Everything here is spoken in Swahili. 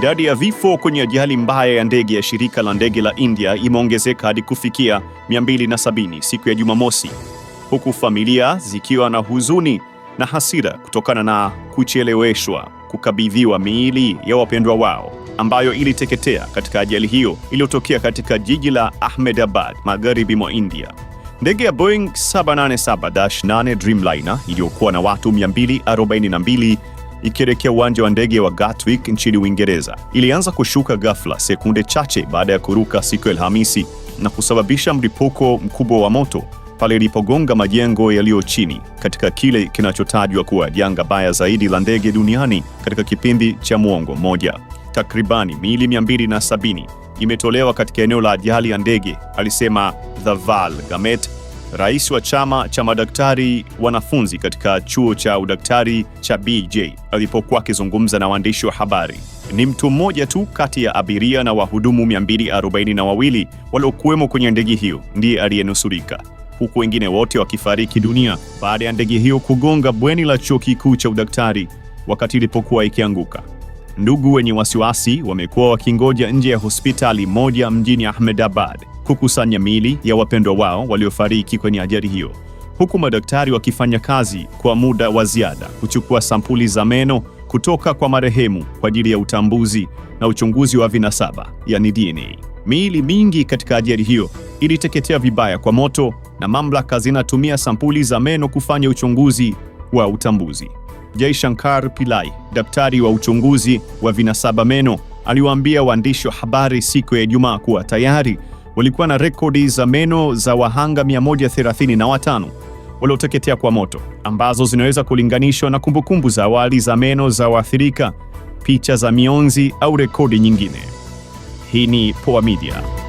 Idadi ya vifo kwenye ajali mbaya ya ndege ya shirika la ndege la India imeongezeka hadi kufikia 270 siku ya Jumamosi, huku familia zikiwa na huzuni na hasira kutokana na kucheleweshwa kukabidhiwa miili ya wapendwa wao ambayo iliteketea katika ajali hiyo iliyotokea katika jiji la Ahmedabad, magharibi mwa India. Ndege ya Boeing 787-8 Dreamliner iliyokuwa na watu 242 ikielekea uwanja wa ndege wa Gatwick nchini Uingereza. Ilianza kushuka ghafla sekunde chache baada ya kuruka siku ya Alhamisi na kusababisha mlipuko mkubwa wa moto pale ilipogonga majengo yaliyo chini katika kile kinachotajwa kuwa janga baya zaidi la ndege duniani katika kipindi cha muongo mmoja. Takribani miili 270 imetolewa katika eneo la ajali ya ndege, alisema Val Gamet, rais wa chama cha madaktari wanafunzi katika chuo cha udaktari cha BJ alipokuwa akizungumza na waandishi wa habari. Ni mtu mmoja tu kati ya abiria na wahudumu 242 waliokuwemo kwenye ndege hiyo ndiye aliyenusurika, huku wengine wote wakifariki dunia baada ya ndege hiyo kugonga bweni la chuo kikuu cha udaktari wakati ilipokuwa ikianguka. Ndugu wenye wasiwasi wamekuwa wakingoja nje ya hospitali moja mjini Ahmedabad kukusanya miili ya wapendwa wao waliofariki kwenye ajali hiyo, huku madaktari wakifanya kazi kwa muda wa ziada kuchukua sampuli za meno kutoka kwa marehemu kwa ajili ya utambuzi na uchunguzi wa vinasaba, yani DNA. Miili mingi katika ajali hiyo iliteketea vibaya kwa moto na mamlaka zinatumia sampuli za meno kufanya uchunguzi wa utambuzi. Jai Shankar Pillai, daktari wa uchunguzi wa vinasaba meno, aliwaambia waandishi wa habari siku ya Ijumaa kuwa tayari walikuwa na rekodi za meno za wahanga 135 walioteketea kwa moto ambazo zinaweza kulinganishwa na kumbukumbu za awali za meno za waathirika, picha za mionzi au rekodi nyingine. Hii ni Poa Media.